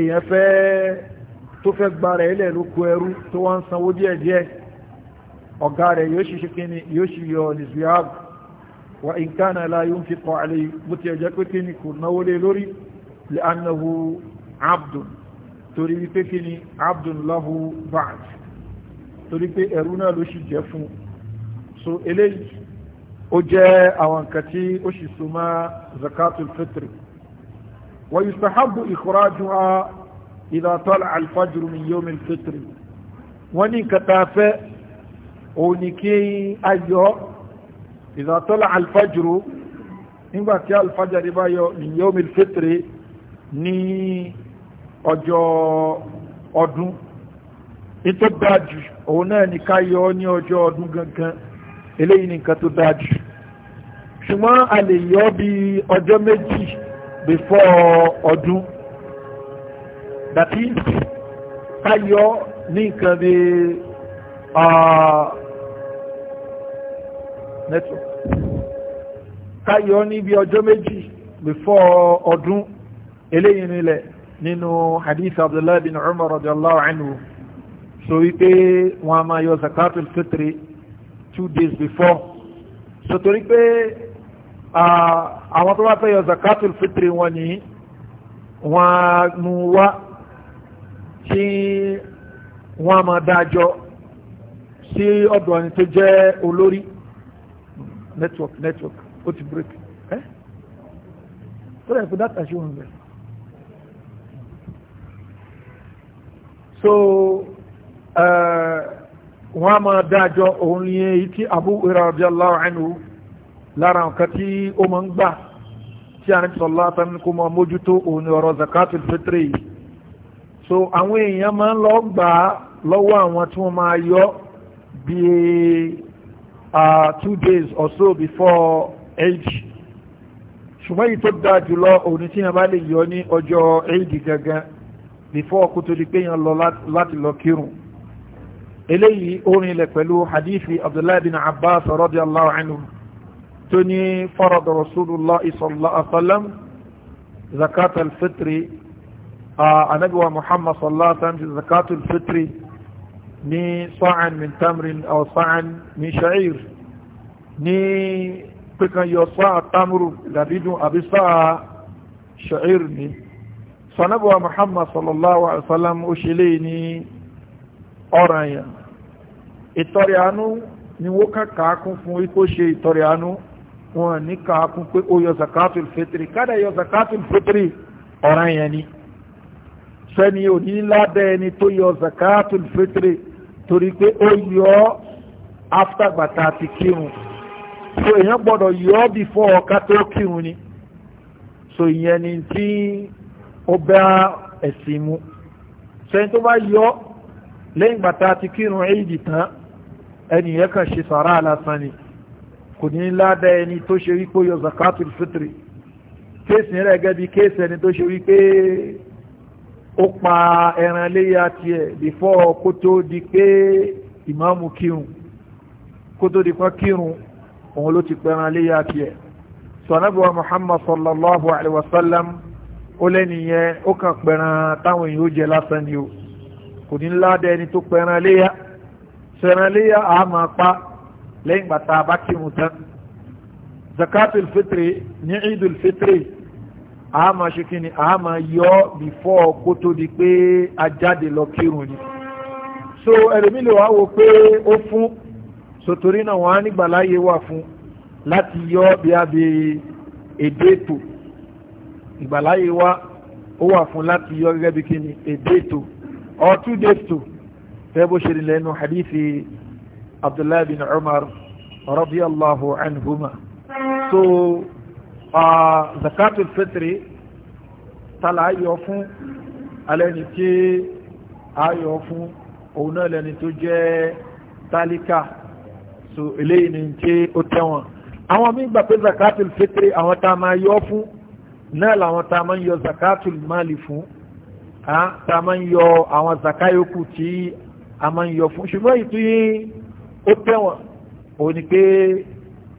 èèyàn fẹ́ tó fẹ́ gba rẹ̀ ilẹ̀ lóko ẹrú tó wọ́n ń sanwó díẹ̀ díẹ̀ ọ̀gá rẹ̀ yóò ṣe ṣe kíni yóò ṣe yọ nìzíab wa nǹkan aláyé ń fi kọ́ àlè bó ti ẹ̀jẹ̀ pé kíni kò náwó lé lórí lè anahu abdul torí wípé kíni abdul lahu ba'd torí pé ẹrú náà ló ṣì jẹ́ fún so eléyìí ó jẹ́ àwọn nǹkan tí ó sì súnmọ́ zakatul fitr wa yustahabu ikhrajuha idha tala'a al-fajr min yawm al-fitr wọ́n ní nǹkan tá a fẹ́ òun ni kí a yọ idha tala'a al-fajr nígbà tí al bá yọ min yawm al-fitr ní ọjọ́ ọdún ìtọ́gbàjù òun náà ní ká ní ọjọ́ ọdún gangan eléyìí ni nǹkan tó dáa ṣùgbọ́n a lè yọ bí ọjọ́ méjì before ọdún that is ká yọ ní nǹkan bí network ká yọ ní bí ọjọ́ méjì before ọdún eléyìí nílẹ̀ nínú hadith abdullahi bin umar radiyallahu anhu so wípé wọn a máa yọ zakatul fitri two days before so torí pé àwọn tó bá fẹ́ yọ zakatul fitri wọn ni wọ́n mú wá tí wọ́n máa dájọ́ sí ọ̀dọ̀ ẹni tó jẹ́ olórí network network ó ti break ẹ́ tó rẹ̀ pé dátà ṣe wọ́n bẹ̀rẹ̀ so eh, wọ́n a máa dájọ́ òun ní èyí tí Abu Hurairah radiyallahu anhu lára nǹkan tí ó máa ń gbà tí a ní sọ̀lá tán kó máa mójútó òun ní ọ̀rọ̀ zakatul fitri so àwọn èèyàn máa ń lọ gbà á lọ́wọ́ àwọn tí wọ́n máa yọ bí two days or so before Eid. ṣùgbọ́n yìí tó dáa jùlọ òun tí yẹn bá lè yọ ní ọjọ́ age gangan before kó tó di pé yẹn lọ láti lọ kírun eléyìí orin ilẹ̀ pẹ̀lú hadithi abdullahi bin abbas radiyallahu anhu tó ní farada rasulullah sallallahu alaihi wasallam zakat alfitri anabiwa muhammad sallallahu alaihi wasallam zakat alfitri ní sa'an min tamrin aw sa'an min sha'ir ní pẹ̀kan yọ sa'a tamru labidun àbí sa'a sha'ir ni sanabiwa muhammad sallallahu alaihi wasallam ó ṣe lè ní ọ̀ranyàn ìtọrẹ ni wó kàn kàákún fún ipò ṣe ìtọrẹ àánú wọn ní kàákún pé ó yọ zakatul fitri kádà yọ zakatul fitri ọ̀ràn yẹn ni sẹ́ni ò ní ládẹ́ ẹni tó yọ zakatul fitri torí pé ó yọ after gbàtà àti kírun so èèyàn gbọ́dọ̀ yọ ọ́ before ọ̀ká tó kírun ni so ìyẹn ni tí ó bá ẹ̀sìn mu sẹ́ni tó bá yọ lẹ́yìn gbàtà àti kírun ẹ̀yìn dì ẹni yẹ kàn ṣe sàrá lásán ni kò ní ládá ẹni tó ṣe wípé yọ zakatul fitri kéèsì rẹ̀ gẹ́bí kéèsì ẹni tó ṣe wípé ó pa ẹran léyà tiẹ̀ bífọ́ kó tó di pé ìmáàmù kírun kó tó di pé kírun òun ló ti pa ẹran léyà tiẹ̀ sọ̀nàbíwá muhammad sallallahu alayhi wa sallam ó lẹ́nìyẹn ó kàn pẹ̀ràn táwọn èèyàn ó jẹ lásán ni o kò ní ládá ẹni tó pẹ̀ràn léyà sẹ̀rànlẹ́yà a máa pa lẹ́yìn bàtà bá kírun tán zakatul fitri ní idul fitri a máa ṣe kíni a máa yọ bífọ́ kó tó di pé a jáde lọ kírun ni so ẹlòmíì lè wá wo pé ó fún sotori náà wọn á nígbà láàyè wà fún láti yọ bí a bẹ èdè ètò ìgbàláyé wa ó wà fún láti yọ gẹ́gẹ́ bí kíni èdè ètò or two days too gẹ́gẹ́ bó ṣe rí lẹ́nu hadithi abdullahi bin umar radiyallahu anhuma so zakatul fitri tala ayọ̀ fún alẹ́ni tí ayọ̀ fún òun náà lẹ́ni tó jẹ́ tálíkà so eléyìí ni tí ó tẹ́wọ̀n àwọn mí gbà pé zakatul fitri àwọn tá máa yọ fún náà làwọn tá máa ń yọ zakatul mali fún tá máa ń yọ àwọn zakayokù tí a máa ń yọ fún ṣùgbọ́n ìtú yìí ó tẹ̀wọ̀n òun ni pé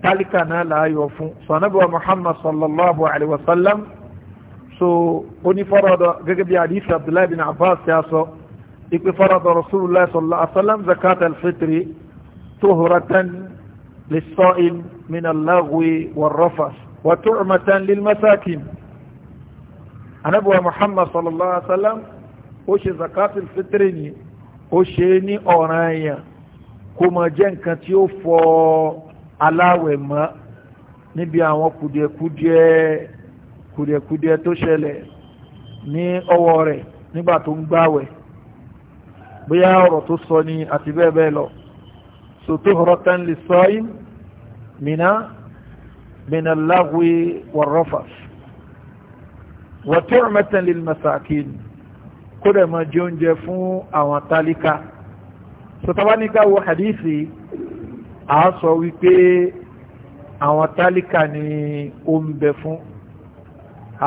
tálíkà náà là á yọ fún sọ̀nàbíwá muhammad sallallahu alayhi wa sallam so ó ní fọ́rọ̀dọ̀ gẹ́gẹ́ bí àdìsí abdullahi bin abbas ti a sọ ìpè fọ́rọ̀dọ̀ rasulullah sallallahu alayhi wa sallam zakat al-fitri tuhuratan lis-sa'im min al-lagwi rafas wa tu'matan lil-masakin anabiwa muhammad sallallahu alayhi wa sallam ó ṣe zakat al-fitri ni ó ṣe é ní ọ̀ràn èèyàn kó mọ jẹ́ nǹkan tí ó fọ aláwẹ̀ mọ́ níbi àwọn kùdìẹ̀kùdìẹ̀ kùdìẹ̀kùdìẹ̀ tó ṣẹlẹ̀ ní ọwọ́ rẹ̀ nígbà tó ń gbáwẹ̀ bóyá ọ̀rọ̀ tó sọ ni àti bẹ́ẹ̀ bẹ́ẹ̀ lọ sotuhratan lissaim mina mina lahwi warrafas wa tu'matan lil masakin kó dẹ̀ mọ jẹ oúnjẹ fún àwọn tálíkà sọtabaníkà wo hadithi a sọ wípé àwọn tálíkà ni ó ń bẹ fún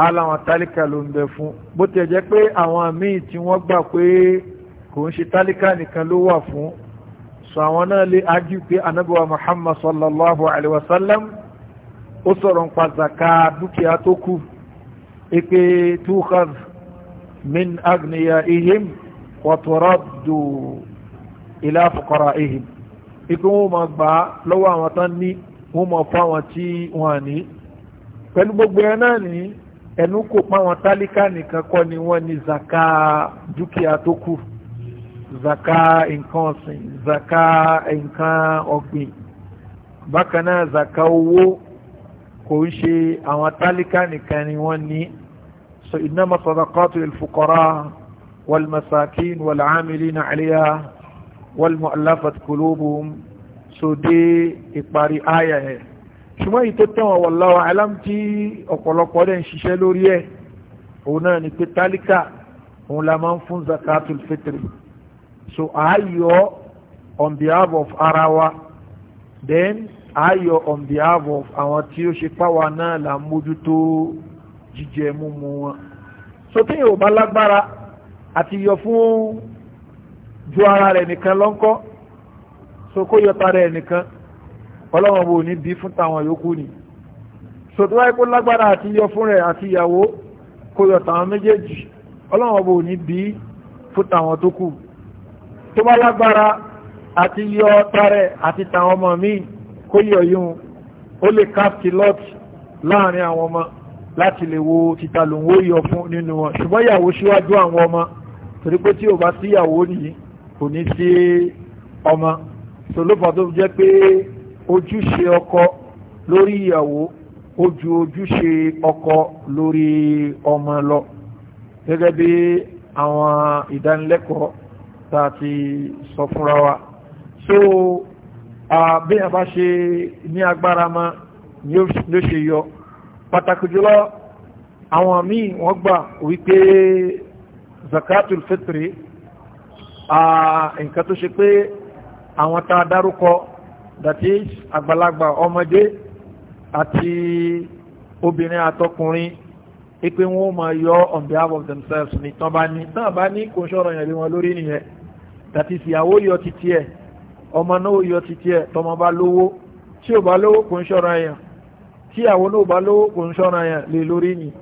aláwọn tálíkà ló ń bẹ fún bó ti jẹ́ pé àwọn míì tí wọ́n gbà pé kò ń ṣe tálíkà nìkan ló wà fún so àwọn náà lè ájú pé anábíwá muhammad sallallahu alaihi wasallam ó sọ̀rọ̀ ń pa zaka dúkìá tó kù èpè túkàdù من أغنيائهم وترد إلى فقرائهم ikun wọn ma gbà á lọ́wọ́ واني. tán ní wọn ma fọ́ àwọn tí wọ́n ní pẹ̀lú gbogbo ẹ̀ náà ní ẹnu kò pa àwọn tálíkà nìkan kọ́ ni wọ́n ní zaka dúkìá tó kù zaka nǹkan ọ̀sìn zaka nǹkan ọ̀gbìn bákan náà zaka owó kò ń ṣe àwọn tálíkà nìkan ni wọ́n ní so innama sadaqatu lil fuqara wal masakin wal amilina alayha wal mu'allafat qulubuhum so dé ìparí àyà ẹ̀ ṣùgbọ́n èyí tó tẹ̀wọ̀n wallahu alam tí ọ̀pọ̀lọpọ̀ dẹ̀ ń ṣiṣẹ́ lórí ẹ̀ òun náà ni pé tálíkà òun la máa ń fún zakatul fitri so ààyò on behalf of ara wa then ààyò on behalf of àwọn tí ó ṣe páwa náà là ń mójútó jíjẹ múmu wọn so tí yóò bá lágbára àti yọ fún ju ara rẹ̀ nìkan lọ́ńkọ́ so kó yọ tara ẹ̀ nìkan ọlọ́wọ́n bò ní bí fún tàwọn yòókù ni so tó wáyé kó lágbára àti yọ fún rẹ̀ àti ìyàwó kó yọ tàwọn méjèèjì ọlọ́wọ́n bò ní bí fún tàwọn tó kù tó bá lágbára àti yọ tara àti tàwọn ọmọ míì kó yọ yún ó lè káàpì lọ́ọ̀tì láàrin àwọn ọmọ láti lè wo títa lòun ó yọ fún nínú wọn ṣùgbọ́n ìyàwó síwájú àwọn ọmọ torí pé tí ò bá sí ìyàwó nìyí kò ní sí ọmọ sọlọ́fà tó jẹ́ pé ojúṣe ọkọ lórí ìyàwó ó ojúṣe ọkọ lórí ọmọ lọ gẹ́gẹ́ bí àwọn ìdánilẹ́kọ̀ọ́ tá a ti sọ fúnra wa so àbí àbá ṣe ní agbára mọ́ ni ó ṣe yọ pàtàkì jùlọ àwọn míì wọ́n gbà wípé zakatul fitri nǹkan tó ṣe pé àwọn tá dárúkọ that is àgbàlagbà ọmọdé àti obìnrin àtọkùnrin ipe wọn ma yọ on behalf of themselves ni tán bá ní tán bá ní kò ṣọ́rọ̀ yẹn lé wọn lórí nìyẹn tàti ìyàwó yọ títí ẹ̀ ọmọ náà yọ títí ẹ̀ tọmọ bá lówó tí ò bá lówó kò ń ṣọ́rọ̀ yẹn tí àwọn náà bá lówó kò ń ṣọ́ra yẹn lè lórí ni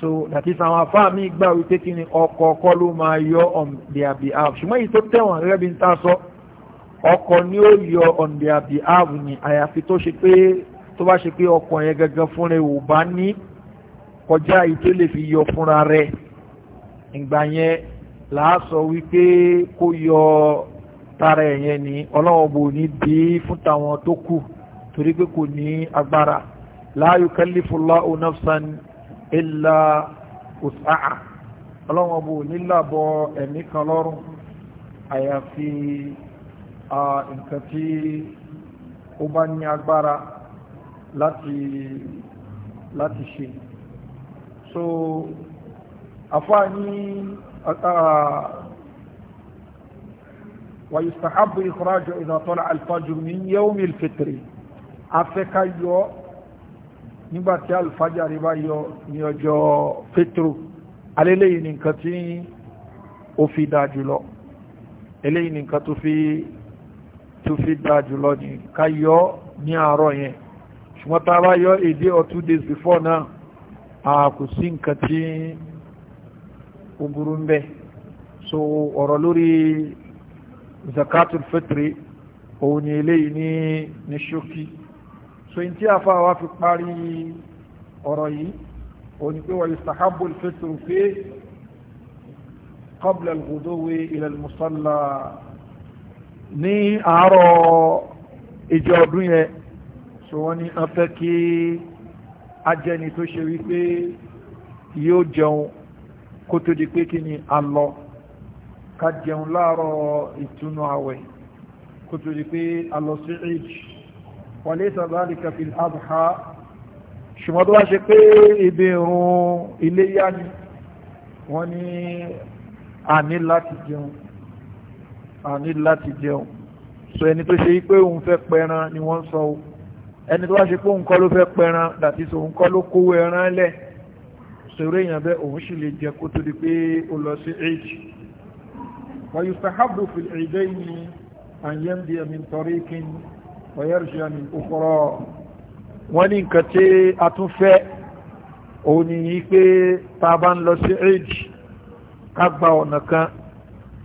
so that is àwọn afá mi gbà wípé kí ni ọkọ ọkọ ló máa yọ on their behalf ṣùgbọ́n èyí tó tẹ̀wọ̀n gẹ́gẹ́ bí n ta sọ ọkọ ni ó yọ on their behalf ni àyàfi tó ṣe pé tó bá ṣe pé ọkọ yẹn gẹ́gẹ́ fúnra ò bá ní kọjá èyí tó lè fi yọ fúnra rẹ̀ ìgbà yẹn làá sọ wípé kó yọ tara ẹ̀yẹn ni ọlọ́wọ́ bò ní bí fún tàwọn tó kù torí pé kò ní agbára la yukallifu Allahu nafsan illa wus'aha ọlọ́wọ́n bò nílàbọ̀ ẹ̀mí kan lọ́rùn àyàfi nǹkan tí ó bá ní agbára láti ṣe so afáà ní ويستحب إخراجه إذا طلع الفجر من يوم الفطر أفكا يو nígbàtí alfajari bá yọ ní ọjọ́ petro aléléyìí ni nǹkan tí ó fi dáa jùlọ eléyìí ni nǹkan tó fi tó fi dáa jùlọ ní ká yọ ní àárọ̀ yẹn ṣùgbọ́n tá a bá yọ èdè or two days before náà a kò sí nǹkan tí ó burú ń bẹ so ọ̀rọ̀ lórí zakatul fitri òun ni eléyìí ní ní ṣókí so in tí a fa wá fi parí ọ̀rọ̀ yìí o ní pé wa yustahabbu al-fitru fi qabla al-ghuduwi ila al-musalla ní àárọ̀ ìjọ ọdún yẹn so wọ́n ní a fẹ́ kí ajẹni tó ṣe wípé yóò jẹun kó di pé kí ni a jẹun láàárọ̀ ìtúnu àwẹ̀ kó di pé a lọ sí وليس ذلك في الأضحى ṣùgbọ́n tó wá ṣe pé ibi ìrun iléyá ni wọ́n ní àní láti jẹun àní láti jẹun so ẹni tó ṣe pé òun fẹ́ pẹran ni wọ́n sọ o ẹni tó wá ṣe pé òun kọ́ ló fẹ́ pẹran dàtí so òun kọ́ ló kówó ẹran lẹ̀ sọ̀rọ̀ èèyàn bẹ́ẹ̀ òun sì lè jẹ kó tó di pé ó lọ sí eid wàyùsàhábù fìlẹ̀ ìdẹ́yìn àyẹ̀mdíẹ̀mí tọ́ríkìn ọ̀yẹ́rìṣẹ́ ni òkúrọ̀ wọ́n ní nǹkan tí a tún fẹ́ òun ni yí pé ta bá ń lọ sí eid ká gba ọ̀nà kan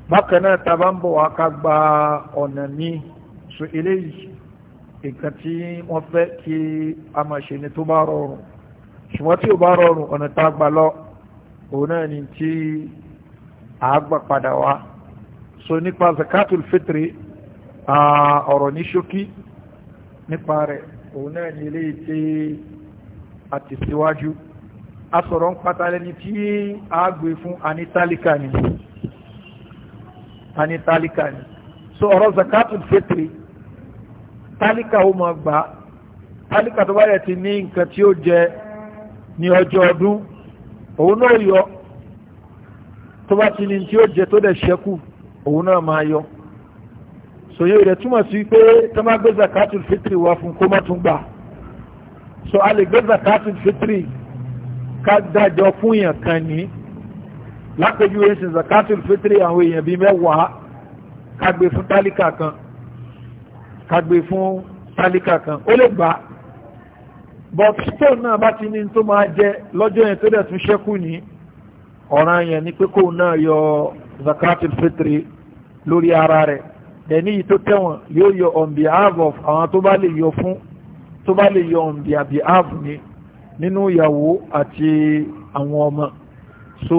bákan náà ta bá ń bọ̀ wá ká gba ọ̀nà ní so eléyìí nǹkan tí wọ́n fẹ́ kí a máa ṣe ni tó bá rọrùn ṣùgbọ́n tí ó bá rọrùn ọ̀nà tá a gbà lọ òun náà ni tí a gbà padà wá so nípa zakatul fitri ọ̀rọ̀ ní ṣókí nípa rẹ̀ òun náà ní ilé tí a a sọ̀rọ̀ ń pátálẹ́ tí a gbé fún anitálíkà ni so ọ̀rọ̀ zakatul fitri tálíkà ó máa gbà tálíkà tó bá yẹ ti ní nǹkan tí ó jẹ ní ọjọ́ ọdún òun náà yọ tó bá ti ní tí ó jẹ tó dẹ̀ ṣẹ́kù òun náà máa yọ sòye rẹ̀ túmọ̀ sí pé tó máa gbé zakatul fitri fún kó tún gbà so a lè gbé zakatul fitri ká dájọ fún èèyàn kan ní lápẹjú ẹ̀sìn zakatul fitri àwọn èèyàn bíi mẹ́wàá ká gbé fún tálíkà kan ká gbé fún tálíkà kan ó lè gbà but stone náà bá ti ní tó máa jẹ lọ́jọ́ yẹn tó dẹ̀ tún ṣẹ́kù ní ọ̀ràn yẹn ni pé kóun náà yọ zakatul fitri lórí ara rẹ̀ dẹ̀ní yìí tó tẹ̀wọ̀n yóò yọ on behalf of àwọn tó bá lè yọ fún tó bá lè yọ on their behalf ni nínú ìyàwó àti àwọn ọmọ so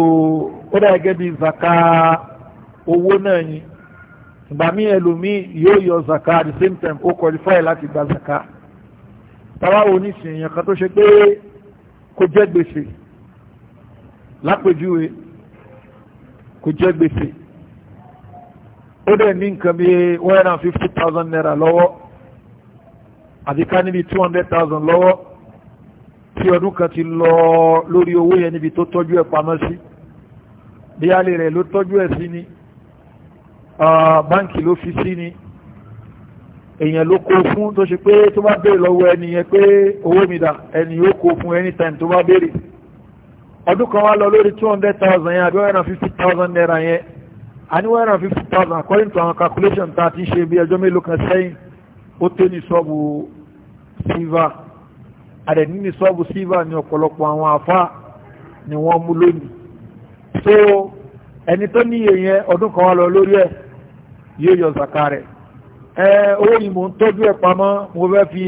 ó dà gẹ́gẹ́ bí zaka owó náà yìí ìgbà mí ẹlòmíì yóò yọ zaka at the same time ó qualify láti gba zaka tàbá oníṣìyàn kan tó ṣe pé kò jẹ́ gbèsè lápèjúwe kò jẹ́ gbèsè ó dẹ̀ ní nǹkan bí one hundred and fifty thousand naira lọ́wọ́ àti ká níbi two hundred thousand lọ́wọ́ tí ọdún kan ti lọ lórí owó yẹn níbi tó tọ́jú ẹ̀ pamọ́ sí bí alẹ́ rẹ̀ ló tọ́jú ẹ̀ sí ni báńkì ló fi sí ni èèyàn ló kó fún tó ṣe pé tó bá béèrè lọ́wọ́ ẹni pé owó mi dà ẹni yóò kó fún anytime tó bá béèrè ọdún kan wá lọ lórí two hundred thousand yẹn àbí one hundred and fifty thousand naira yẹn Anywhere ní one according to our calculation that a ti ṣe bí ẹjọ́ mélòó kan sẹ́yìn ó tó ní sọ́ọ̀bù silver àdẹ̀ní ní sọ́ọ̀bù silver ní ọ̀pọ̀lọpọ̀ àwọn àfa ni wọ́n mú lónìí so ẹni tó ní iye yẹn ọdún kan wá lọ lórí ẹ̀ yóò yọ zaka rẹ̀ ẹ owó yìí mò ń tọ́jú ẹ̀ pamọ́ mo fẹ́ fi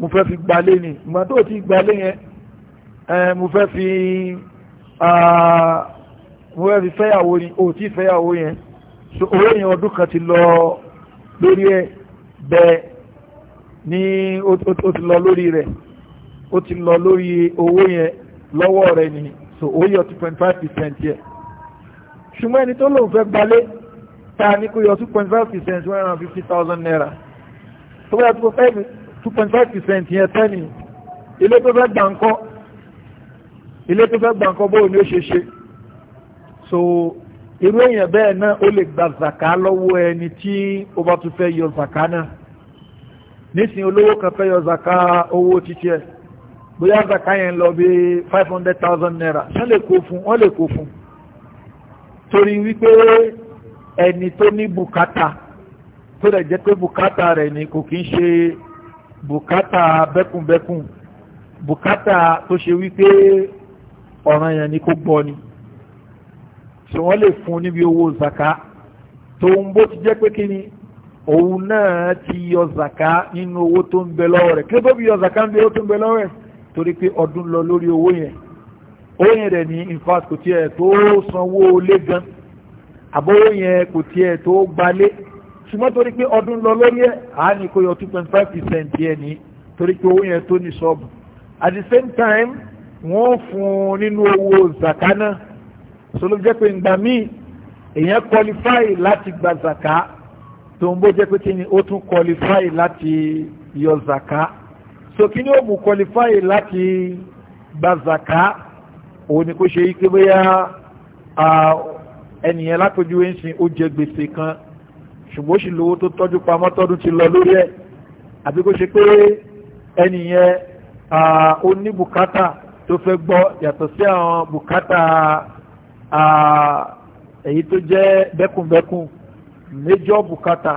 mo fẹ́ fi gbalé ni ìgbà tó ti gbalé yẹn ẹ mo fẹ́ fi. Ah, mo fẹ́ fi fẹ́yàwó ni o ti fẹ́yàwó yẹn so owó yẹn ọdún kan ti lọ lórí ẹ bẹ́ẹ̀ ní ó ti lọ lórí rẹ̀ ó ti lọ lórí owó yẹn lọ́wọ́ rẹ̀ ni so owó yọ two point percent yẹ ṣùgbọ́n ẹni tó lóun fẹ́ gbalé ta ni kó yọ two point five percent one hundred fifty thousand naira tó bá yọ two point five two point five percent yẹn tẹ́ni ilé tó fẹ́ gbà ń kọ́ ilé tó fẹ́ gbà ń kọ́ bóun ni ó ṣe ṣe so irú èèyàn bẹ́ẹ̀ náà ó lè gba zaka lọ́wọ́ ẹni tí ó bá tún fẹ́ yọ zaka náà nísìnyí olówó kan fẹ́ yọ zaka owó títí ẹ̀ bóyá zaka yẹn lọ bí five hundred thousand naira wọ́n lè kó fún wọ́n lè kó fún torí wípé ẹni tó ní bùkátà tó lè jẹ́ pé bùkátà rẹ̀ ni kò kí ń ṣe bùkátà bẹ́kùnbẹ́kùn bùkátà tó ṣe wípé ọ̀ràn yẹn ni kò gbọ́ ni so wọ́n lè fún níbi owó zaka tó ń bó ti jẹ́ pé kí ni òun náà ti yọ zaka nínú owó tó ń bẹ lọ́wọ́ rẹ̀ kí ló tó fi yọ zaka nínú owó tó ń bẹ lọ́wọ́ rẹ̀ torí pé ọdún lọ lórí owó yẹn owó yẹn rẹ̀ ní in fact kò tiẹ̀ tó sanwó lé gan àbówó yẹn kò tiẹ̀ tó gbalé ṣùgbọ́n torí pé ọdún lọ lórí ẹ̀ àá ní yọ two point five percent yẹn ní torí pé owó yẹn tó ní sọ́ọ̀bù at the same time wọ́n fún un nínú owó zaka náà so ló jẹ́ pé ìgbà míì èèyàn qualify láti gba zaka tó ń bó jẹ́ pé kíni ó tún qualify láti yọ zaka so kí ni ó mú qualify láti gba zaka òun ni kó ṣe yí pé bóyá ẹnìyẹn lápèjúwe ń sin ó jẹ gbèsè kan ṣùgbọ́n ó sì lówó tó tọ́jú pamọ́ tọ́dún ti lọ lórí ẹ̀ àbí kó ṣe pé ẹnìyẹn ó ní bùkátà tó fẹ́ gbọ́ yàtọ̀ sí àwọn bùkátà èyí tó jẹ́ bẹ́kùnbẹ́kùn méjọ́ bùkátà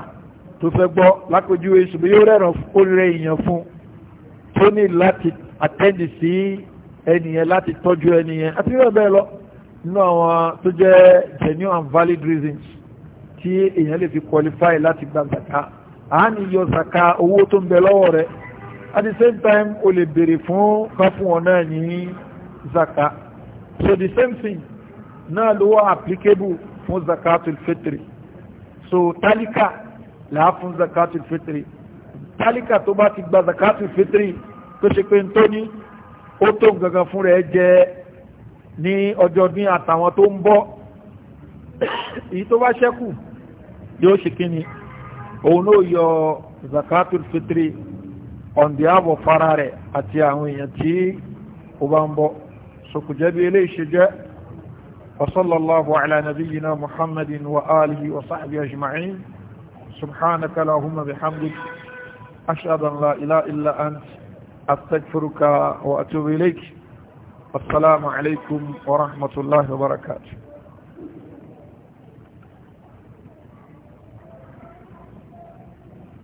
tó fẹ́ gbọ́ lápèjúwe ṣùgbọ́n yóò rẹ̀ràn oríire èèyàn fún tó ní láti àtẹ́ǹdì sí ẹnìyẹn láti tọ́jú ẹnìyẹn àti bẹ́ẹ̀ bẹ́ẹ̀ lọ nínú àwọn tó jẹ́ genuine and valid reasons tí èèyàn lè fi qualify láti gba zaka a ní yọ zaka owó tó ń bẹ lọ́wọ́ rẹ̀ at the same time o lè béèrè fún bá fún ọ náà ní zaka so the same thing náà ló wà applicable fún zakatul fitri so tálíkà làá fún zakatul fitri tálíkà tó bá ti gba zakatul fitri tó ṣe pé tó ní ó tó gangan fún rẹ̀ jẹ ní ọjọ́ ní àtàwọn tó ń bọ̀ èyí tó bá ṣẹ́kù yóò ṣe kíni òun náà yọ zakatul fitri on behalf of fara rẹ̀ àti àwọn èèyàn tí ó bá ń bọ̀ sọkùjẹ́bí eléyìí ṣe jẹ́ وصلى الله على نبينا محمد وآله وصحبه أجمعين سبحانك اللهم بحمدك أشهد أن لا إله إلا أنت أستغفرك وأتوب إليك السلام عليكم ورحمة الله وبركاته